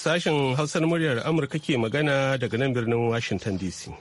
Sashen Hausar muryar Amurka ke magana daga nan birnin Washington DC.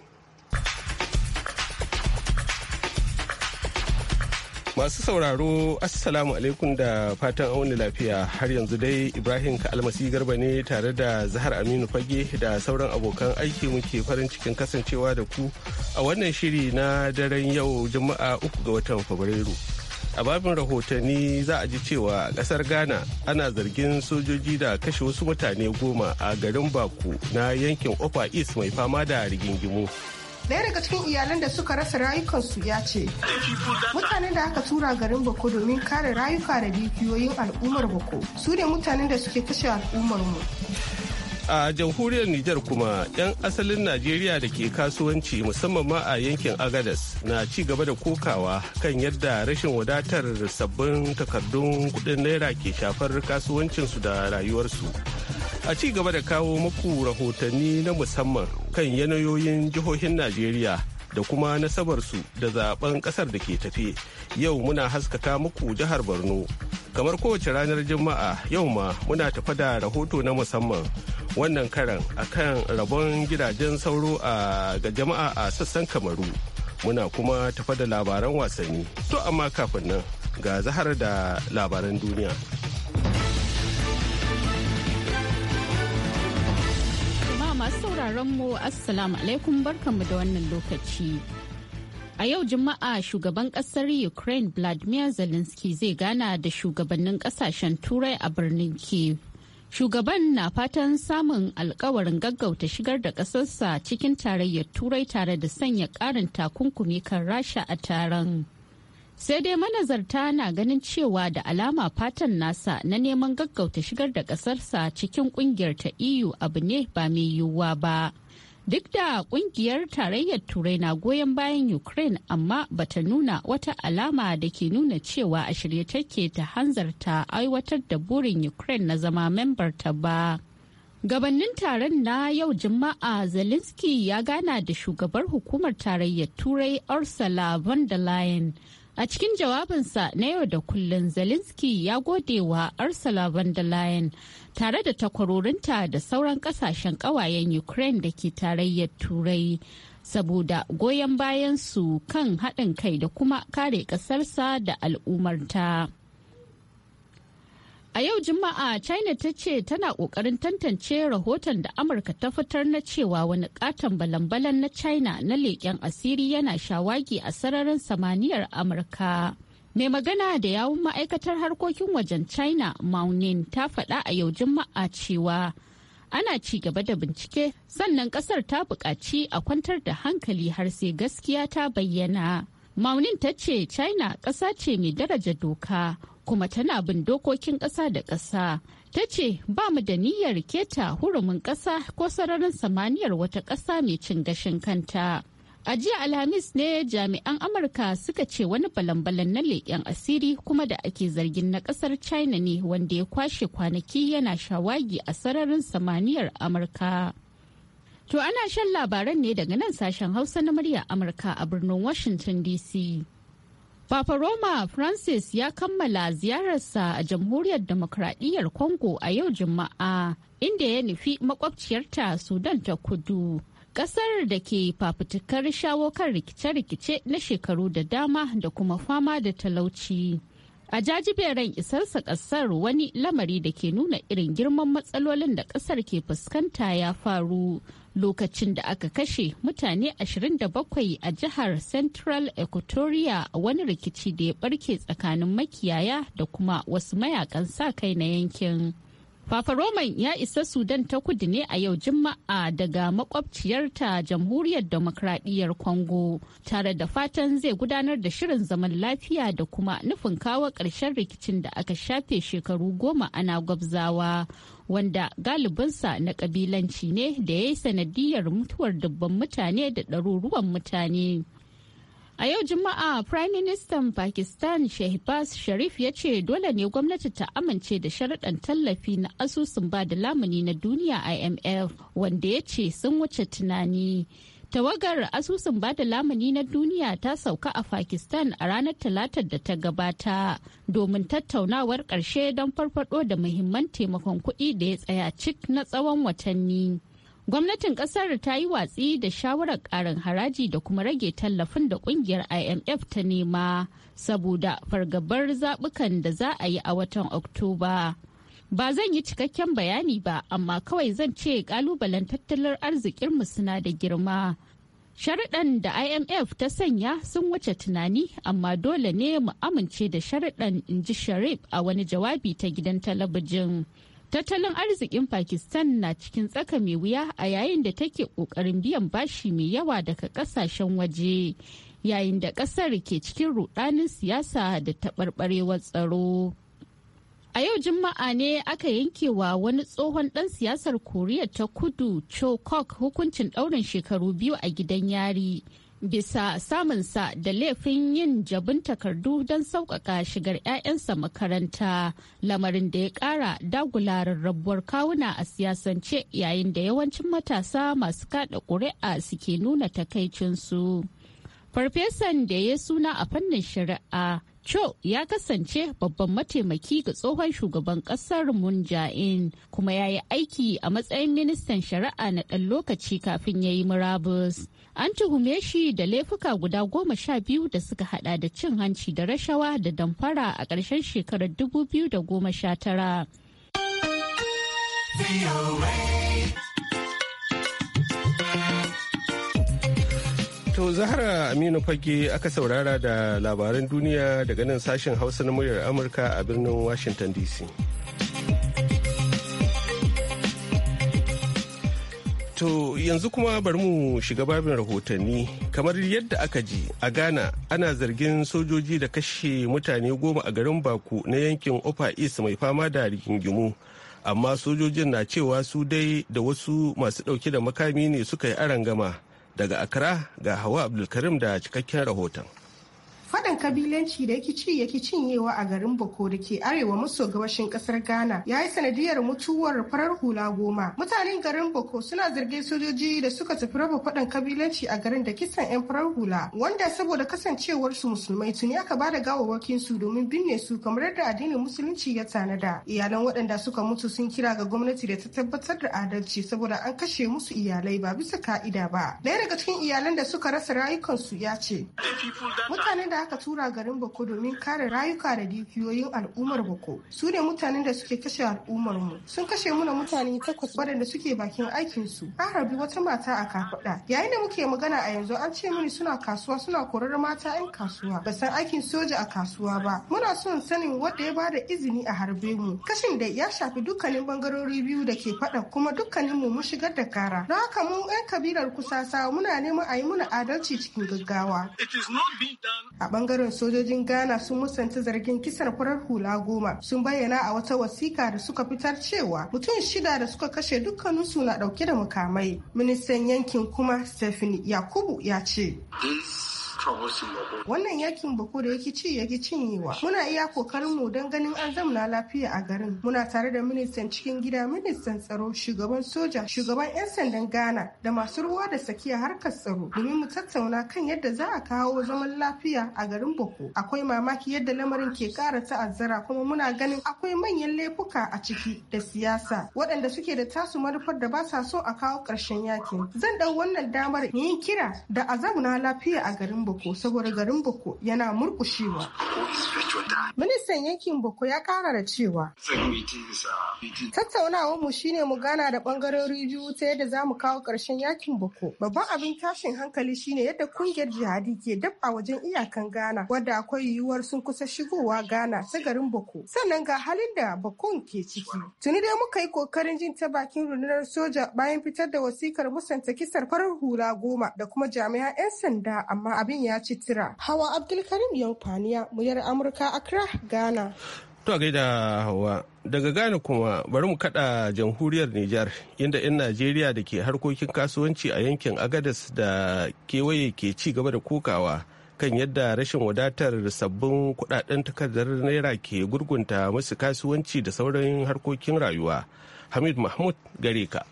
Masu sauraro, Assalamu alaikum da fatan auni lafiya har yanzu dai Ibrahim Almasi Garba ne tare da Zahar Aminu Fage da sauran abokan aiki muke farin cikin kasancewa da ku a wannan shiri na daren yau Juma'a uku ga watan Fabrairu. a babin rahotanni za a ji cewa kasar ghana ana zargin sojoji da kashe wasu mutane goma a garin baku na yankin upper east mai fama da rigingimu daya daga cikin iyalan da suka rasa rayukansu ya ce mutanen da aka tura garin bako domin kare rayuka da dukiyoyin al'ummar bako su ne mutanen da suke kashe al'ummar mu a jamhuriyar Nijar kuma 'yan asalin Najeriya da ke kasuwanci musamman ma a yankin Agadas na ci gaba da kokawa kan yadda rashin wadatar sabbin takardun kudin naira ke shafar kasuwancinsu da rayuwarsu. A ci gaba da kawo muku rahotanni na musamman kan yanayoyin jihohin Najeriya. da kuma nasabarsu da zaben kasar da ke tafe yau muna haskaka muku jihar borno kamar kowace ranar juma'a yau ma muna tafa da rahoto na musamman wannan karan akan rabon gidajen sauro a ga jama'a a sassan kamaru muna kuma tafa da labaran wasanni to amma kafin nan ga zahar da labaran duniya. masu sauraron mu assalamu alaikum mu da wannan lokaci. A yau Juma'a shugaban kasar Ukraine Vladimir Zelensky zai gana da shugabannin kasashen Turai a birnin Kiev. Shugaban na fatan samun alkawarin gaggauta shigar da ƙasarsa cikin tarayyar Turai tare da sanya ƙarin takunkumi kan Rasha a taron. sai dai manazarta na ganin cewa da alama fatan nasa na neman gaggauta shigar da kasarsa cikin kungiyar ta eu abu ne ba mai yiwuwa ba duk da ƙungiyar tarayyar turai na goyon bayan ukraine amma bata nuna wata alama da ke nuna cewa a shirye take ta hanzarta aiwatar da burin ukraine na zama membar ta ba Gabannin taron na yau Juma'a Zelensky ya gana da shugabar hukumar tarayyar Turai Ursula von der Leyen A cikin jawabinsa na yau da kullun Zelensky ya gode wa Ursula von der Leyen tare da takwarorinta da sauran kasashen kawayen Ukraine da ke tarayyar Turai saboda goyon bayan su kan haɗin kai da kuma kare ƙasarsa da al'ummarta. A yau Juma'a China ta ce tana ƙoƙarin tantance rahoton da Amurka ta fitar na cewa wani katon balan-balan na China na leƙen asiri yana shawagi a sararin samaniyar Amurka. Mai magana da yawun ma'aikatar harkokin wajen China Maunin ta faɗa a yau Juma'a cewa ana ci gaba da bincike sannan ƙasar ta buƙaci a kwantar da hankali har sai gaskiya ta bayyana. Maunin ta ce China ƙasa ce mai daraja doka. kuma tana bin dokokin ƙasa da ƙasa. Ta ce ba mu da niyyar keta hurumin ƙasa ko sararin samaniyar wata ƙasa mai cin gashin kanta. A jiya Alhamis ne jami'an Amurka suka ce wani balan-balan na leƙen asiri kuma da ake zargin na ƙasar China ne wanda ya kwashe kwanaki yana shawagi a sararin samaniyar Amurka. To ana shan labaran ne daga nan sashen Hausa na murya Amurka a birnin Washington DC. Papa Roma Francis ya kammala ziyararsa a Jamhuriyar Demokradiyyar Congo a yau Juma'a, inda ya nufi makwabciyarta Sudan ta kudu. kasar da ke fafutukar shawo kan rikice-rikice na shekaru da dama da kuma fama da talauci. A jajiberan isarsa kasar wani lamari da ke nuna irin girman matsalolin da kasar ke fuskanta ya faru lokacin da aka kashe mutane 27 a jihar central equatoria a wani rikici da ya barke tsakanin makiyaya da kuma wasu mayakan sa kai na yankin Fafa Roman ya isa Sudan ta kudu ne a yau Juma'a daga makwabciyarta Jamhuriyar Demokradiyyar Congo tare da fatan zai gudanar da shirin zaman lafiya da kuma nufin kawo ƙarshen rikicin da aka shafe shekaru goma ana gwabzawa wanda galibinsa na kabilanci ne da ya yi sanadiyar mutuwar dubban mutane da ɗaruruwan mutane. A yau Juma'a Prime Minister Pakistan Shehbaz Sharif ya ce dole ne gwamnati ta amince da sharaɗan tallafi na asusun ba da lamuni na duniya IMF wanda ya ce sun wuce tunani. Tawagar asusun ba da lamuni na duniya ta sauka a Pakistan a ranar talatar da ta gabata domin tattaunawar ƙarshe don farfado da muhimman taimakon kuɗi da ya tsaya cik na tsawon watanni. Gwamnatin kasar ta yi watsi da shawarar karin haraji da kuma rage tallafin da kungiyar IMF ta nema saboda fargabar zabukan da za a yi a watan Oktoba. Ba zan yi cikakken bayani ba, amma kawai zan ce kalubalen tattalin arzikinmu suna da girma. sharidan da IMF ta sanya sun wuce tunani, amma dole ne mu amince da sharidan in ji Sharif a wani jawabi ta gidan talabijin. Tattalin arzikin Pakistan na cikin tsaka mai wuya a yayin da take ƙoƙarin biyan bashi mai yawa daga ƙasashen waje, yayin da ƙasar ke cikin rudanin siyasa da taɓarɓarewar tsaro. A yau Juma'a ne aka yankewa wani tsohon ɗan siyasar Koriya ta Kudu Cho Kok hukuncin ɗaurin shekaru biyu a gidan yari. bisa samun sa da laifin yin jabin takardu don sauƙaƙa shigar 'ya'yansa makaranta lamarin da ya ƙara dagularin rabuwar kawuna a siyasance yayin da yawancin matasa masu kaɗa ƙuri'a suke nuna takaicinsu. farfesan da ya suna a fannin shari'a Cho ya kasance babban mataimaki ga tsohon shugaban kasar munja'in kuma ya yi aiki a matsayin ministan shari'a na ɗan lokaci kafin ya yi murabus. An tuhume shi da laifuka guda goma sha biyu da suka hada da cin hanci da rashawa da damfara a ƙarshen shekarar dubu biyu da goma sha tara. To Zahra Aminu Fage aka saurara da labaran duniya daga nan sashen Hausa na muryar Amurka a birnin Washington DC. To yanzu kuma bari mu shiga babin rahotanni kamar yadda aka ji a Ghana ana zargin sojoji da kashe mutane goma a garin Baku na yankin Opa East mai fama da rigingimu. Amma sojojin na cewa su dai da wasu masu ɗauke da makami ne suka yi arangama. gama. Daga Accra ga Hawa Abdulkarim da cikakken rahoton. Faɗan kabilanci da yake ci yake cinyewa a garin Boko da ke arewa maso gabashin ƙasar Ghana ya yi sanadiyar mutuwar farar hula goma. Mutanen garin Boko suna zargin sojoji da suka tafi raba faɗan kabilanci a garin da kisan 'yan farar hula wanda saboda kasancewar su musulmai tuni aka ba da gawawwakin su domin binne su kamar yadda addinin musulunci ya tanada. Iyalan waɗanda suka mutu sun kira ga gwamnati da ta tabbatar da adalci saboda an kashe musu iyalai ba bisa ka'ida ba. Ɗaya daga cikin iyalan da suka rasa rayukansu ya ce, mutanen da aka tura garin Bako domin kare rayuka da dukiyoyin al'ummar Bako. Su ne mutanen da suke kashe al'ummar mu. Sun kashe muna mutane takwas waɗanda suke bakin aikin su. An harbi wata mata a kafaɗa. Yayin da muke magana a yanzu an ce mini suna kasuwa suna korar mata 'yan kasuwa. Ba san aikin soja a kasuwa ba. Muna son sanin wanda ya bada izini a harbe mu. Kashin da ya shafi dukkanin bangarori biyu da ke faɗa kuma dukkanin mu mun shigar da kara. Don haka mu 'yan kabilar kusasa muna neman a yi muna adalci cikin gaggawa. A a bangaren sojojin ghana sun musanta zargin kisar farar hula goma sun bayyana a wata wasiƙa da suka fitar cewa mutum shida da suka kashe dukkaninsu na dauke da mukamai ministan yankin kuma stephanie yakubu ya ce Wannan yakin bako da yake ci yake cinyewa. Muna iya kokarin mu don ganin an zamna lafiya a garin. Muna tare da ministan cikin gida, ministan tsaro, shugaban soja, shugaban 'yan sandan Ghana da masu ruwa da tsakiya harkar tsaro domin mu tattauna kan yadda za a kawo zaman lafiya a garin Boko. Akwai mamaki yadda lamarin ke kara ta'azzara kuma muna ganin akwai manyan laifuka a ciki da siyasa waɗanda suke da tasu manufar da ba sa so a kawo ƙarshen yakin. Zan ɗau wannan damar yin kira da a zauna lafiya a garin Boko saboda garin Boko yana murkushewa. Ministan yankin Boko ya kara da cewa. tattaunawa mu shine mu gana da bangarori biyu ta yadda za mu kawo ƙarshen yakin Boko. Babban abin tashin hankali shine yadda kungiyar jihadi ke dab wajen iyakan Ghana wadda akwai yiwuwar sun kusa shigowa Ghana ta garin Boko. Sannan ga halin da Boko ke ciki. Tuni dai muka yi kokarin jin ta bakin rundunar soja bayan fitar da wasikar musanta kisar farar hula goma da kuma jami'an 'yan sanda amma abin abin ya ci tira. Hawa Abdulkarim faniya muyar Amurka Accra, Ghana. To gaida Hawa, daga Ghana kuma bari mu kada jamhuriyar Nijar inda 'yan Najeriya da ke harkokin kasuwanci a yankin Agadas da kewaye ke ci gaba da kokawa kan yadda rashin wadatar sabbin kudaden takardar naira ke gurgunta masu kasuwanci da sauran harkokin rayuwa. Hamid Mahmud gare ka.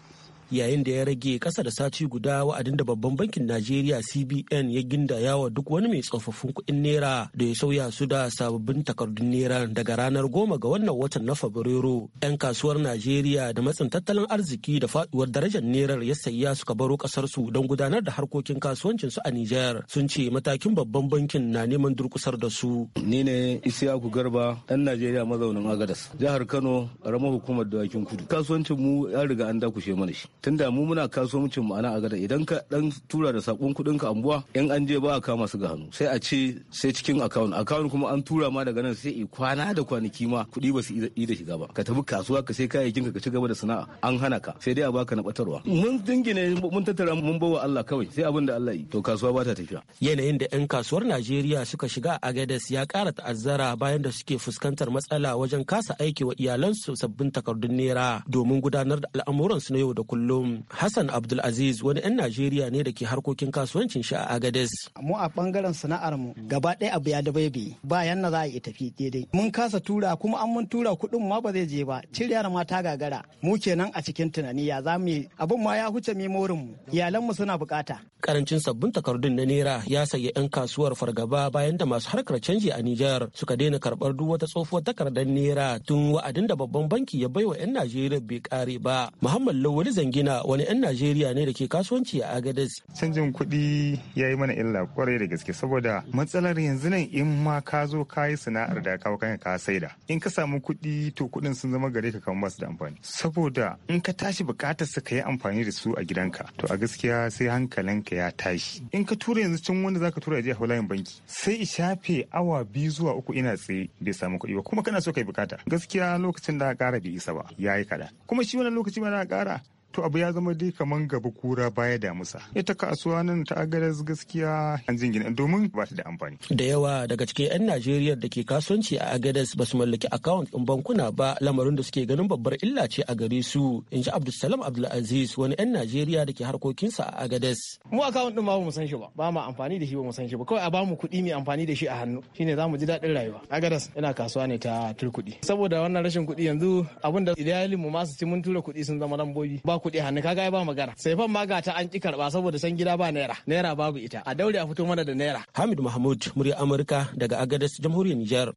yayin da ya rage kasa da sati guda wa'adin da babban bankin najeriya cbn ya gindaya wa duk wani mai tsofaffin kuɗin naira da ya sauya su da sababbin takardun naira daga ranar goma ga wannan watan na fabrairu 'yan kasuwar najeriya da matsin tattalin arziki da faduwar darajar nerar ya sayya suka baro kasar su don gudanar da harkokin kasuwancin su a nijar sun ce matakin babban bankin na neman durkusar da su ni ne isiyaku garba ɗan najeriya mazaunin agadas jihar kano ƙaramar hukumar dawakin kudu kasuwancin mu ya riga an dakushe mana shi tun da mu muna kasuwancin ma'ana a gada idan ka dan tura da sakon kudin ka ambuwa yan an je ba a kama su ga hannu sai a ce sai cikin account account kuma an tura ma daga nan sai i kwana da kwanaki ma kudi ba su yi da shiga ba ka tafi kasuwa ka sai kayayyakin ka ci gaba da sana'a an hana ka sai dai a baka na batarwa mun dingine mun tattara mun bawa Allah kawai sai abin da Allah yi to kasuwa ba ta tafiya yanayin da yan kasuwar Najeriya suka shiga a Agadez ya kara ta'azzara bayan da suke fuskantar matsala wajen kasa aiki wa iyalansu sabbin takardun nera domin gudanar da al'amuransu na yau da kullum kullum hassan abdulaziz wani 'yan najeriya ne da ke harkokin kasuwancin shi a agades mu a bangaren sana'ar mu gaba ɗaya abu ya bi ba yanna za a yi tafi daidai mun kasa tura kuma an mun tura kuɗin ma ba zai je ba ciryar ma ta gagara mu kenan a cikin tunani ya za mu yi. abin ma ya huce memorin mu iyalan mu suna bukata karancin sabbin takardun na naira ya sayi 'yan kasuwar fargaba bayan da masu harkar canji a Nijar suka daina karɓar duk wata tsohuwar takardar nera, tun wa'adin da babban banki ya baiwa 'yan Najeriya bai kare ba Muhammad Lawali Zangi Gina wani 'yan najeriya ne da ke kasuwanci a agadez canjin kuɗi ya yi mana illa kwarai da gaske saboda matsalar yanzu nan in ma ka zo ka yi sana'ar da kawo kanka ka saida in ka samu kuɗi to kuɗin sun zama gare ka kamar basu da amfani saboda in ka tashi bukatar su ka yi amfani da su a gidanka to a gaskiya sai hankalinka ya tashi in ka tura yanzu can wanda zaka tura je a hulayen banki sai shafe awa biyu zuwa uku ina tsaye bai samu kuɗi ba kuma kana so kai bukata gaskiya lokacin da ka kara bai isa ba ya yi kaɗan kuma shi wani lokaci ma da kara to abu ya zama dai kaman gaba kura baya da musa ita kasuwa nan ta agaras gaskiya an jingina domin ba ta da amfani da yawa daga cikin 'yan najeriya da ke kasuwanci a agadas ba su mallaki akawun ɗin bankuna ba lamarin da suke ganin babbar illa ce a gare su in ji abdulsalam abdulaziz wani 'yan najeriya da ke harkokinsa a agadas mu account ɗin ba mu san shi ba ba mu amfani da shi ba mu san shi ba kawai a ba mu kuɗi mai amfani da shi a hannu shine za mu ji daɗin rayuwa agadas yana kasuwa ne ta turkuɗi saboda wannan rashin kuɗi yanzu abin da mu ma su ci mun tura kuɗi sun zama lambobi ba kuɗi hannu kaga ya ba magana sai fan ma gata an ki karba saboda san gida ba naira naira babu ita a daure a fito mana da naira Hamid Mahmud murya Amurka daga Agadez jamhuriyar Nijar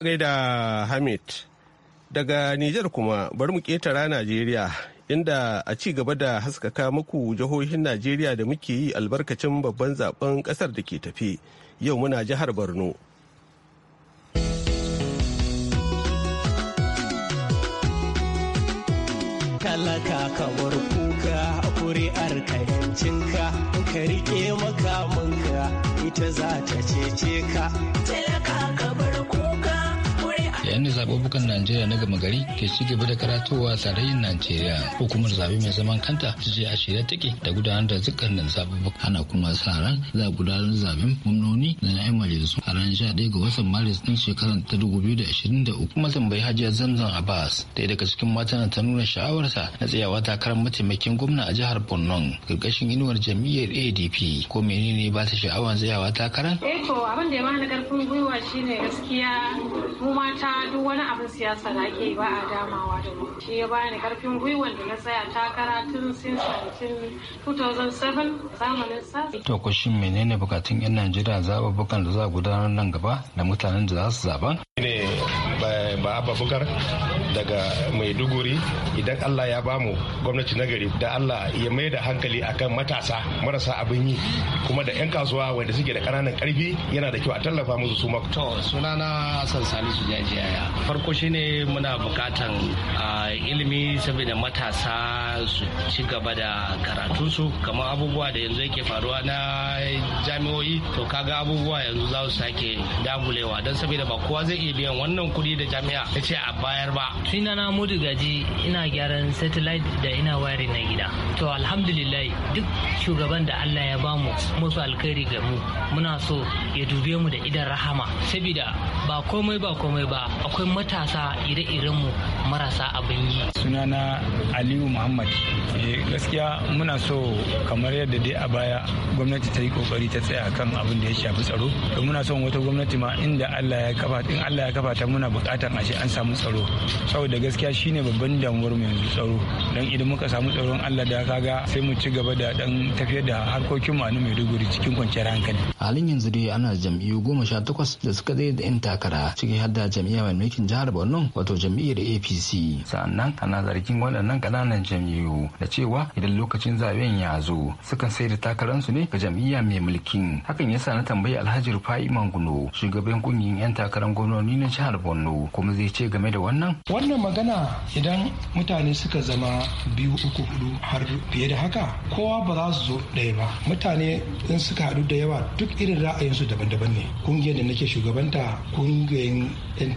gaida Hamid daga Nijar kuma bari mu ketara Najeriya inda a ci gaba da haskaka muku jihohin Najeriya da muke yi albarkacin babban zaben kasar da ke tafi yau muna jihar Borno talaka kamar kuka kuri'ar ka yancinka ka rike makamanka ita za ta cece ka. yayin da Najeriya na gama gari ke ci gaba da karatowa tsarayin Najeriya hukumar zabe mai zaman kanta ta je a shirye take da gudanar da dukkanin zaɓuɓɓuka ana kuma sa ran za a gudanar zaben gwamnoni da na majalisu a ranar ɗaya ga watan Maris ɗin shekarar ta uku. kuma tambayi Hajiya Zamzam Abbas ɗaya daga cikin matan ta nuna sha'awarta na tsayawa takarar mataimakin gwamna a jihar Borno karkashin inuwar jam'iyyar ADP ko menene ba ta sha'awar tsayawa takarar? Eh to abin da ya mana karfin gwiwa shine gaskiya mu mata duk wani abin siyasa da ake ba a damawa da mu shi ya bani karfin gwiwan da na tsaya takara tun since 2007 zamanin sa to ko shin menene bukatun yan najeriya zaɓuɓɓukan da za a gudanar nan gaba da mutanen da za su zaɓa ba'aba eh, bukar daga maiduguri idan allah ya bamu gwamnati nagari da allah ya mai da hankali akan matasa marasa abin yi kuma da 'yan kasuwa wanda suke da ƙananan ƙarfi yana da kyau a tallafa musu su to sunana hassan salisu jajiyaya farko shine muna bukatan ilimi saboda matasa su ci gaba da karatunsu kamar abubuwa da yanzu yake faruwa na jami'oi to kaga abubuwa yanzu za su sake dagulewa don saboda ba kowa zai iya biyan wannan kuɗi da jami'a ya ce a bayar ba suna na mudu gaji ina gyaran satellite da ina wayar na gida to alhamdulillah duk shugaban da allah ya bamu musu alkhairi ga mu muna so ya dube mu da idan rahama Sabida ba komai ba komai ba akwai matasa ire-iren mu marasa abin yi suna na aliyu muhammad eh, gaskiya muna so kamar yadda dai a baya gwamnati ta yi kokari ta tsaya kan abin da ya shafi tsaro to muna so wata gwamnati ma inda allah ya kafa in allah ya kafa ta muna bukatar ashe an samu tsaro saboda gaskiya shine babban damuwar mu yanzu tsaro don idan muka samu tsaron Allah da kaga sai mu ci gaba da dan tafiyar da harkokin mu a nan Maiduguri cikin kwanciyar hankali halin yanzu dai ana jam'iyyu goma sha takwas da suka zai da 'yan takara ciki har da jam'iyyar mai mulkin jihar Borno wato jam'iyyar APC sannan ana zargin waɗannan kananan jam'iyyu da cewa idan lokacin zaben ya zo suka sai da su ne ga jam'iyya mai mulkin hakan yasa na tambayi Alhaji Rufai Mangulo shugaban kungiyar 'yan takarar gwamnoni na jihar Borno Kano kuma zai ce game da wannan. Wannan magana idan mutane suka zama biyu uku hudu har fiye da haka kowa ba za su zo ɗaya ba. Mutane in suka haɗu da yawa duk irin ra'ayinsu daban-daban ne. Kungiyar da nake shugabanta kungiyar 'yan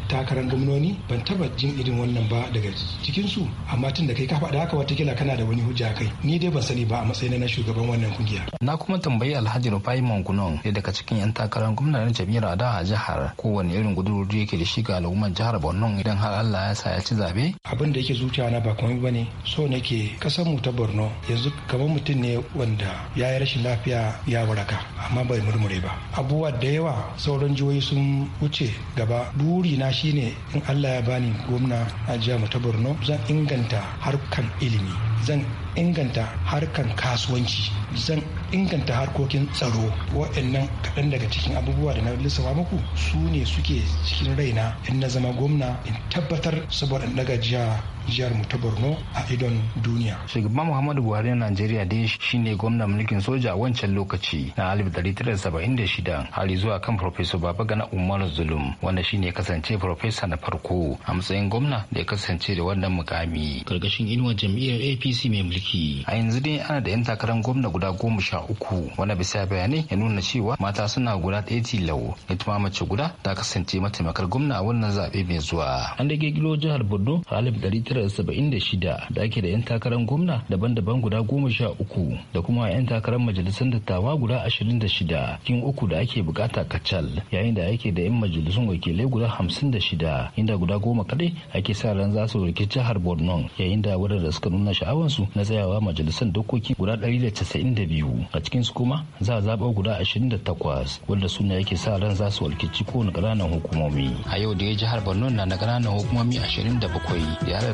takarar gwamnoni ban taba jin irin wannan ba daga cikinsu amma tun da kai ka faɗa haka watakila kana da wani hujja kai ni dai ban sani ba a matsayin na shugaban wannan kungiya. Na kuma tambayi Alhaji Rufai Mangunon daga cikin 'yan takarar gwamnati na jami'ar da a jihar kowane irin da yake da shi ga al'umma al'ummar jihar Borno idan har Allah ya sa ya ci zabe? Abin da yake zuciya na ba komai bane so nake kasan mu ta Borno yanzu kamar mutum ne wanda ya yi rashin lafiya ya waraka amma bai murmure ba. Abubuwa da yawa sauran jihohi sun wuce gaba buri na shine in Allah ya bani gwamna a jihar mu ta Borno zan inganta harkan ilimi zan inganta harkan kasuwanci zan inganta harkokin tsaro waɗannan kaɗan daga cikin abubuwa da na lissafa muku su ne suke cikin raina in na zama gwamna in tabbatar saboda in ɗaga jiya jihar mu ta borno a idon duniya shugaban muhammadu buhari na najeriya dai shine gwamnan mulkin soja a wancan lokaci na shida har zuwa kan Baba Gana Umaru zulum wanda shine kasance profesa na farko a matsayin gwamna da ya kasance da wannan mukami karkashin inuwar jam'iyyar apc mai mulki a yanzu dai ana da yan takarar gwamna guda goma sha uku wanda bisa bayanai ya nuna cewa mata suna guda ɗaya tilau ita ma mace guda ta kasance mataimakar gwamna a wannan zaɓe mai zuwa an da jihar borno a 1976 da ake da 'yan takarar gwamna daban-daban guda goma sha uku da kuma 'yan takarar majalisar dattawa guda 26 kin uku da ake bukata kacal yayin da ake da 'yan majalisun wakilai guda 56 inda guda goma kadai ake sa ran za su rikici jihar borno yayin da wadanda suka nuna sha'awansu na tsayawa majalisar dokoki guda 192 a cikin su kuma za a zaɓa guda 28 wanda suna yake sa ran za su walkici kowane ƙananan hukumomi a yau da ya jihar borno na da ƙananan hukumomi 27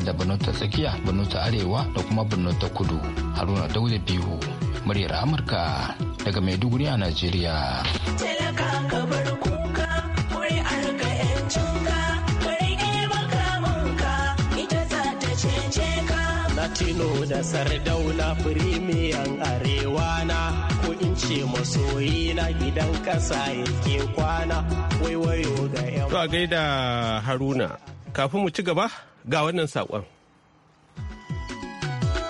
da da Borno ta tsakiya, Borno ta arewa da kuma Borno ta kudu. Haruna Dauda Biyu, muryar Amurka daga Maiduguri a Najeriya. Latino da Sardauna firimiyan arewa na ko in ce masoyi na gidan kasa yake kwana waiwayo ga 'yan. To a gaida Haruna, kafin mu ci gaba ga wannan saƙon.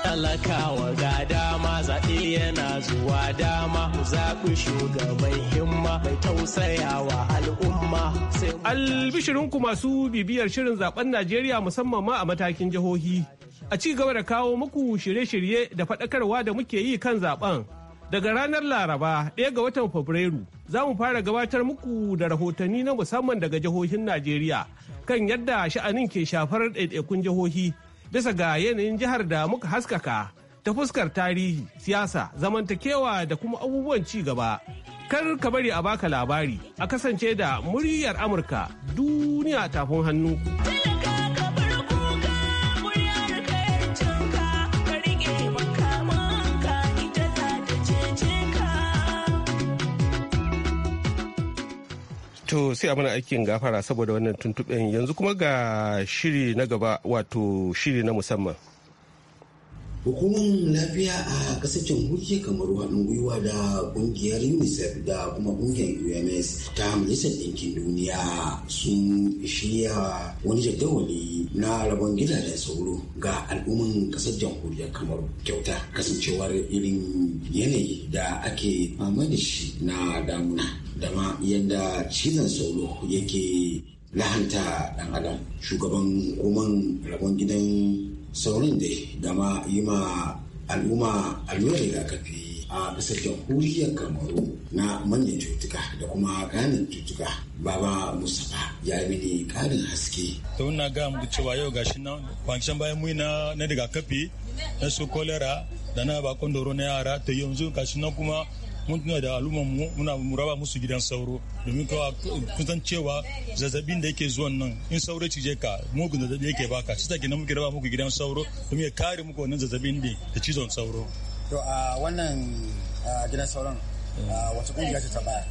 talakawa ga dama zaɓe yana zuwa dama zaɓi shugaban himma mai tausayawa al'umma albishirinku masu bibiyar shirin zaɓen najeriya musamman ma a matakin jihohi a ci gaba da kawo muku shirye-shirye da faɗakarwa da muke yi kan zaɓen. daga ranar laraba ɗaya ga watan fabrairu za mu fara gabatar muku da rahotanni na musamman daga jihohin najeriya kan yadda sha'anin ke shafar ɗaiɗaikun jihohi bisa ga yanayin jihar da muka haskaka ta fuskar tarihi siyasa zamantakewa da kuma abubuwan ci gaba kar ka bari a baka labari a kasance da muryar amurka duniya tafin hannu. To sai a mana aikin gafara saboda wannan tuntuɓen yanzu kuma ga shiri na gaba wato shiri na musamman. hukumar lafiya a kasar jamhuriyar kamar haɗin gwiwa da ƙungiyar unicef da kuma ƙungiyar ums ta majalisar ɗinkin duniya sun shirya wani jadawali na rabon gidajen sauro ga al'umman kasar jamhuriyar kamar kyauta kasancewar irin yanayi da ake fama da shi na damuna da ma yadda cizon sauro yake lahanta ɗan adam shugaban hukumar rabon gidan saurin dai da ma yi ma al'umma allurar rigakafi a bisa jamhuriyar kamaru na manyan cutuka da kuma ganin cutuka baba mustapha ya yi mini karin haske ta wuna ga mu cewa yau gashi na kwanciyar bayan mu na na rigakafi na su kolera da na bakon doro na yara ta yanzu gashi na kuma mun tuna da al'umma muna muraba musu gidan sauro domin kawa kusan cewa zazzabin da yake zuwan nan in sauro cije ka mugun zazzabi yake baka shi take nan muke raba muku gidan sauro domin ya kare muku wannan zazzabin da cizon sauro to a wannan gidan sauron wata kungiya ce ta baya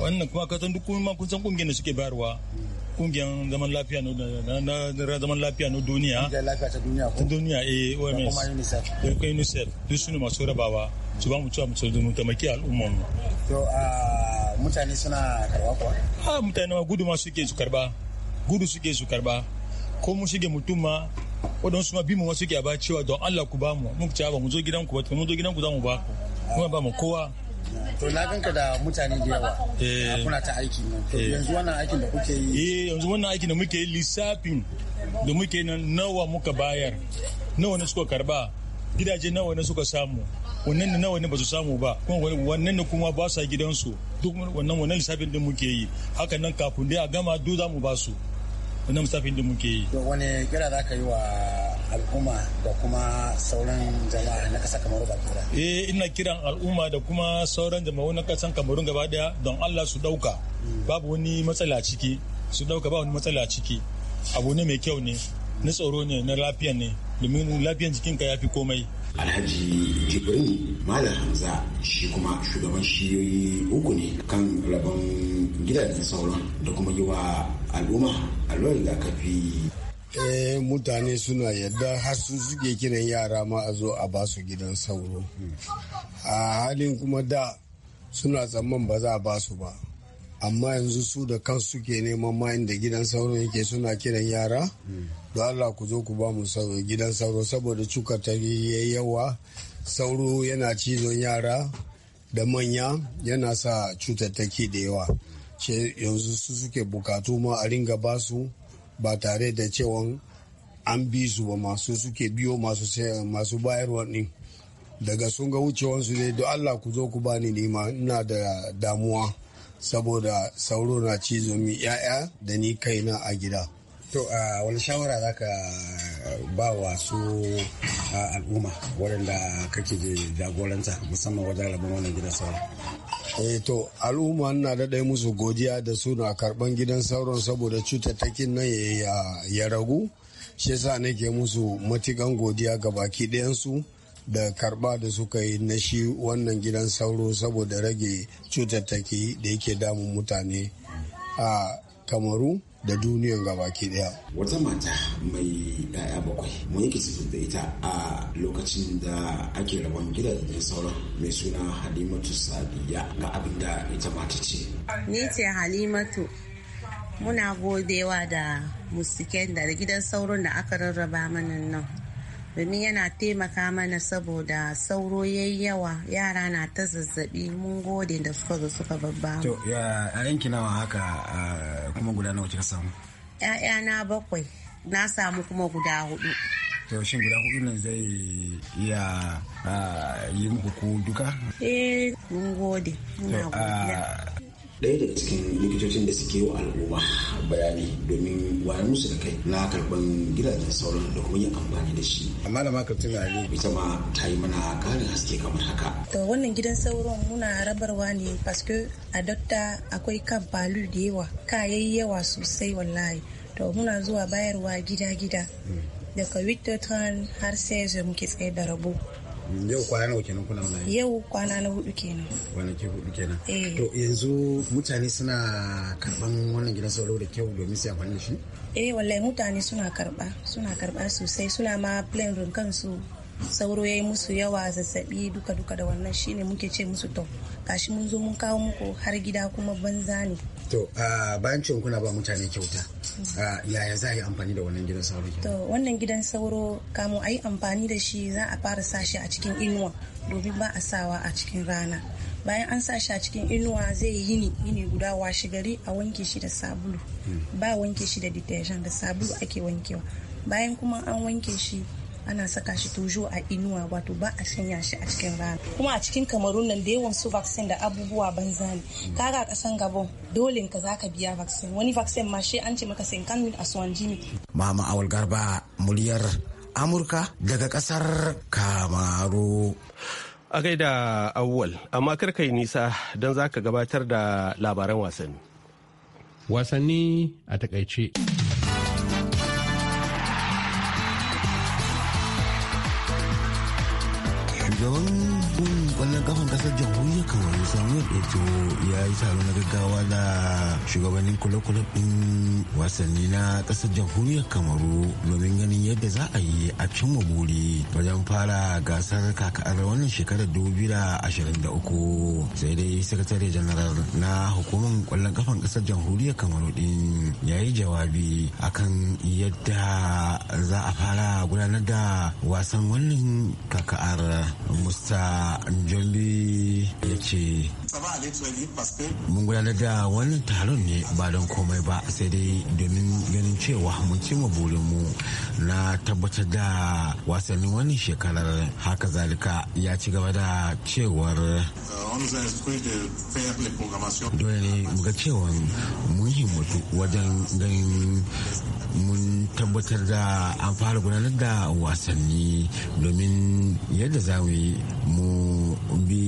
wannan kuma kasan duk kuma kun san kungiyar da suke bayarwa kungiyar zaman lafiya na zaman lafiya na duniya ta duniya a eh, oms da kuma unicef duk su ne masu rabawa su ba mu cewa mu mu maki al'umma mu to a mutane suna karba kuwa a mutane ma gudu ma suke su karba gudu suke su karba ko mu shige mutum ma waɗansu ma bi mu wasu ke a ba cewa don allah ku ba mu mu ci ba mu zo gidan ku ba mu zo gidan ku za mu ba mu ba mu kowa to na ganka da mutane da yawa eh. kuna ta aiki ne to eh. yanzu wannan aikin da kuke yi eh yanzu wannan aikin da muke yi lissafin da muke nan nawa muka bayar nawa ne suka karba gidaje nawa ne suka samu wannan ne nawa ne ba su samu ba kuma wannan ne kuma ba sa gidansu duk wannan wannan lissafin da muke yi haka nan kafin dai a gama duk za mu ba su wani musafin da muke yi. Da wani kira za ka yi wa al'umma da kuma sauran jama'a na ƙasar Kamaru ba kira? Eh ina kiran al'umma da kuma sauran jama'a, na ƙasar Kamaru gaba daya don Allah su ɗauka. Mm. Babu wani matsala ciki su ɗauka ba wani matsala ciki. Abu ne mai kyau ne, na tsoro ne, na lafiya ne, domin lafiyan jikinka ya fi komai. alhaji jibrin malam hamza shi kuma shugaban shiyoyi uku ne kan rabon gidajen sauran da kuma yi wa al'umma allurar rigakafi eh mutane suna yadda har sun suke kiran yara ma a zo a basu gidan sauro a halin kuma da suna tsamman ba za a basu ba amma yanzu su da kansu suke neman ma inda gidan sauro yake suna kiran yara don allah ku zo ku ba mu gidan sauro saboda cuka ta yawa sauro yana cizon yara da manya yana sa cutattaki da yawa yanzu su suke bukatu ma a ringa basu ba tare da cewa an bi su ba masu suke biyo masu bayarwa ɗin daga sun ga wucewansu ne don allah ku zo ku bani nima ina da damuwa saboda sauro na cizo mi 'ya'ya da ni kaina a gida to a wani shawara za ka ba wa su al'umma waɗanda kake jagoranta musamman wajen rabon wannan gidan sauro eh to al'umma na daɗa musu godiya da su na karɓan gidan sauron saboda cutattakin nan ya ragu shi yasa nake musu matikan godiya ga baki ɗayansu da karba da suka yi na shi wannan gidan sauro saboda rage cutattaki da yake damun mutane a kamaru da duniyan gabaki daya. Wata mata mai ɗaya bakwai mun yake sifin da ita a lokacin da ake rabon da sauran mai suna Halimatu Sabiya ga abin da ita mata ce. Ni ce Halimatu muna godewa da musiken da gidan sauron da aka rarraba mana nan. domin yana taimaka mana saboda sauro ya yi yawa yara na ta zazzabi mun gode da suka zo suka babba to yayanki nawa haka kuma guda nawa kika samu na bakwai na samu kuma guda hudu to shin guda hudu nan zai iya yi muku duka eh mun gode ɗaya daga cikin likitocin da suke wa al'umma bayani domin wayar musu da kai na karban gidajen sauran da kuma yin amfani da shi amma da makarcin ali ita ma ta yi mana ƙarin haske kamar haka to wannan gidan sauron muna rabarwa ne paske a dokta akwai kan palu da yawa kayayi yawa sosai wallahi to muna zuwa bayarwa gida-gida mm. daga wittoton har sai muke tsaye da rabo yau kwana nawa kenan kuna wannan yau kwana na hudu kenan kwanaki hudu kenan eh. to yanzu mutane suna karban wannan gidan sauro da kyau domin su amfani da shi eh wallahi mutane suna karba suna karba sosai suna ma plan run kansu sauro yayi musu yawa zazzabi duka duka da wannan shine muke ce musu to gashi mun zo mun kawo muku har gida kuma banza ne To bayan cewa kuna ba mutane kyauta yaya za a yi amfani da wannan gidan sauro? To wannan gidan sauro kamun a yi amfani da shi za a fara sa shi a cikin inuwa domin ba a sawa a cikin rana. Bayan an sa shi a cikin inuwa zai yi ni yini guda washe gari a wanke shi da sabulu. Hmm. Ba wanke shi da detergent da sabulu ake wankewa. Bayan kuma an wanke shi ana saka shi tojo a inuwa wato ba a shanya shi a cikin rana kuma a cikin kamarun nan da yawan su vaccine da abubuwa banza ne kaga kasan gabon dole ka zaka biya vaccine wani vaccine ma shi an ce maka sin kan a suwan jini mama awal garba muryar amurka daga kasar kamaru a gaida awwal amma kar kai nisa don zaka gabatar da labaran wasanni wasanni a takaice going to ya yi taro na gaggawa da shugabannin kula-kula ɗin wasanni na ƙasar jamhuriyar kamaru domin ganin yadda za a yi a cimma buri wajen fara gasar kakar wannan shekarar 2023 sai dai sakatare janaral na hukumar ƙwallon ƙafan ƙasar jamhuriyar kamaru ɗin ya yi jawabi akan yadda za a fara gudanar da wasan wannan kaka'ar, musta jombi ya ce Mun gudanar da wannan taron ne ba don komai ba sai dai domin ganin cewa mun cimma mu. na tabbatar da wasannin wannan shekarar haka zalika ya ci gaba da cewar uh, dole ne muga cewa mun yi mutu wajen ganin mun tabbatar da an fara gudanar da wasanni domin yadda za mu yi mu bi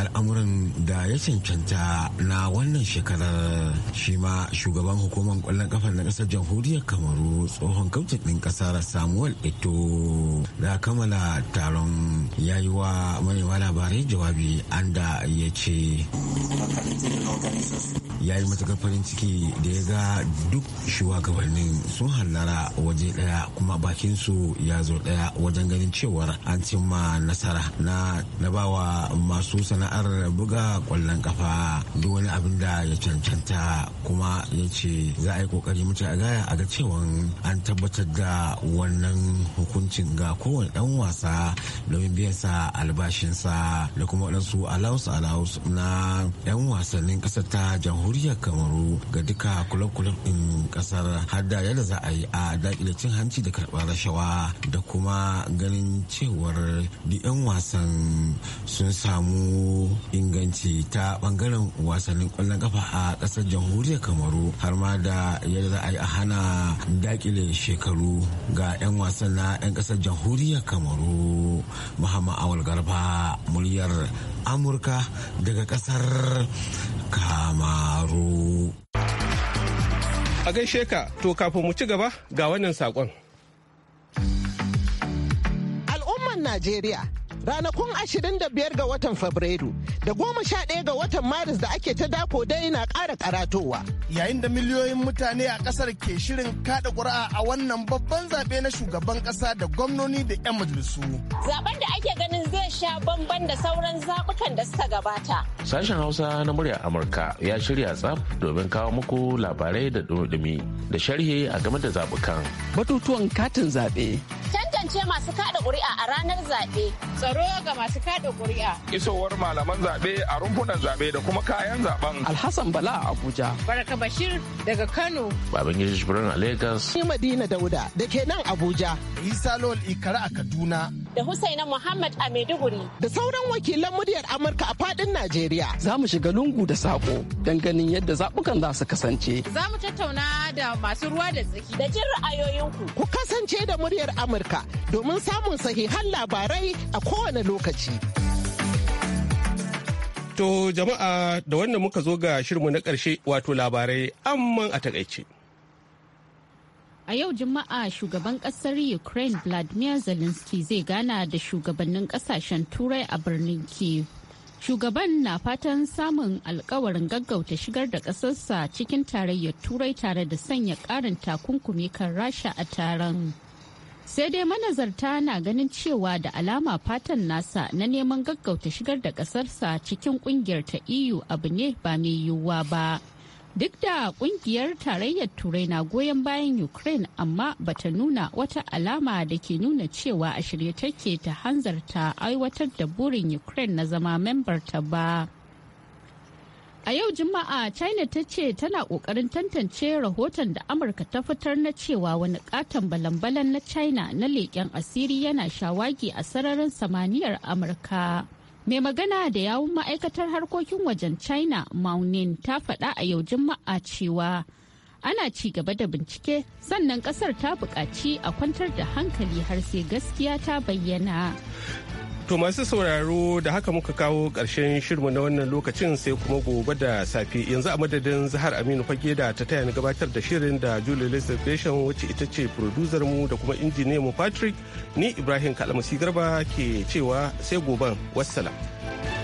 al'amuran da ya cancanta na wannan shekarar shi ma shugaban hukumar kwallon kafar na kasar jamhuriyar kamaru tsohon kamtin ɗin kasar samuel eto da kammala taron ya yi wa manema labarai jawabi an da ya ce ya yi matukar farin ciki da ya ga duk shugabannin sun hallara waje daya kuma bakin su ya zo daya wajen ganin cewar an cimma nasara na na bawa masu sana'ar buga kwallon kafa duk wani abin da ya cancanta kuma ya ce za a yi kokari mutu a gaya a ga cewa an tabbatar da wannan hukuncin ga kowane dan wasa domin biyan sa albashinsa da kuma waɗansu alaus alaus na 'yan wasannin ƙasar ta jamhuriyar kamaru ga duka kulab-kulab ɗin ƙasar har kudade da za a yi a dakile cin hanci da karɓar rashawa da kuma ganin cewar da 'yan wasan sun samu inganci ta bangaren wasannin ƙwallon kafa a ƙasar jamhuriyar kamaru har ma da yadda za a yi a hana daƙile shekaru ga 'yan wasan na 'yan ƙasar jamhuriyar kamaru muhammad awal garba muryar amurka daga ƙasar kamaru A gaishe ka, to kafin mu ci gaba ga wannan saƙon. Al'umman Najeriya ranakun 25 ga watan Fabrairu da 11 ga watan Maris da ake ta dako dai na kara karatowa. Yayin da miliyoyin mutane a ƙasar ke shirin kada ƙuri'a a wannan babban zaɓe na shugaban ƙasa da gwamnoni da 'yan majalisu. Zaben da ake ganin zai sha bamban da sauran zaɓukan da suka gabata. Sashen Hausa na murya Amurka ya shirya tsaf domin kawo muku labarai da dumi da sharhi a game da zaɓukan. Batutuwan katin zaɓe. Tantance masu kada ƙuri'a a ranar zaɓe. tsaro ga masu kada ƙuri'a. Isowar malaman zaɓe a rumfunan zaɓe da kuma kayan zaɓen. Alhassan Bala a Abuja. Baraka Bashir daga Kano. Babangiji Shibirin a Lagos. Ni Madina Dauda da ke nan Abuja. Isa Lol Ikara a Kaduna. da Husaina Muhammad a Maiduguri. Da sauran wakilan muryar Amurka a fadin Najeriya. Za mu shiga lungu da saƙo don ganin yadda zaɓukan za su kasance. Za mu tattauna da masu ruwa da tsaki. Da jin ra'ayoyinku. Ku kasance da muryar Amurka domin samun sahihan labarai a kowane lokaci. To jama'a da wannan muka zo ga shirmu na ƙarshe wato labarai amman a takaice. A yau Juma'a shugaban kasar Ukraine Vladimir Zelensky zai gana da shugabannin kasashen Turai a birnin Kiev. Shugaban na fatan samun alkawarin gaggauta shigar da ƙasarsa cikin tarayyar Turai tare da sanya ƙarin takunkumi kan Rasha a taron. Sai dai manazarta na ganin cewa da alama fatan nasa na neman gaggauta shigar da ƙasarsa cikin ƙungiyar ta EU abu ne ba mai yiwuwa ba. duk da kungiyar tarayyar turai na goyon bayan ukraine amma bata nuna wata alama da ke nuna cewa a shirye take ta hanzarta aiwatar da burin ukraine na zama membarta ba a yau juma'a china ta ce tana kokarin tantance rahoton da amurka ta fitar na cewa wani katon balan-balan na china na leƙen asiri yana shawagi a sararin samaniyar amurka mai magana da yawun ma'aikatar harkokin wajen china maunin ta faɗa a yau juma'a cewa ana ci gaba da bincike sannan ƙasar ta buƙaci a kwantar da hankali har sai gaskiya ta bayyana To masu sauraro da haka muka kawo ƙarshen shirmu na wannan lokacin sai kuma gobe da safe yanzu a madadin Zahar Aminu Fage da ta taya ni gabatar da shirin da Julie Lissafation wacce ita ce producer mu da kuma injiniya mu Patrick ni Ibrahim Kalamasi Garba ke cewa sai goben wassalam.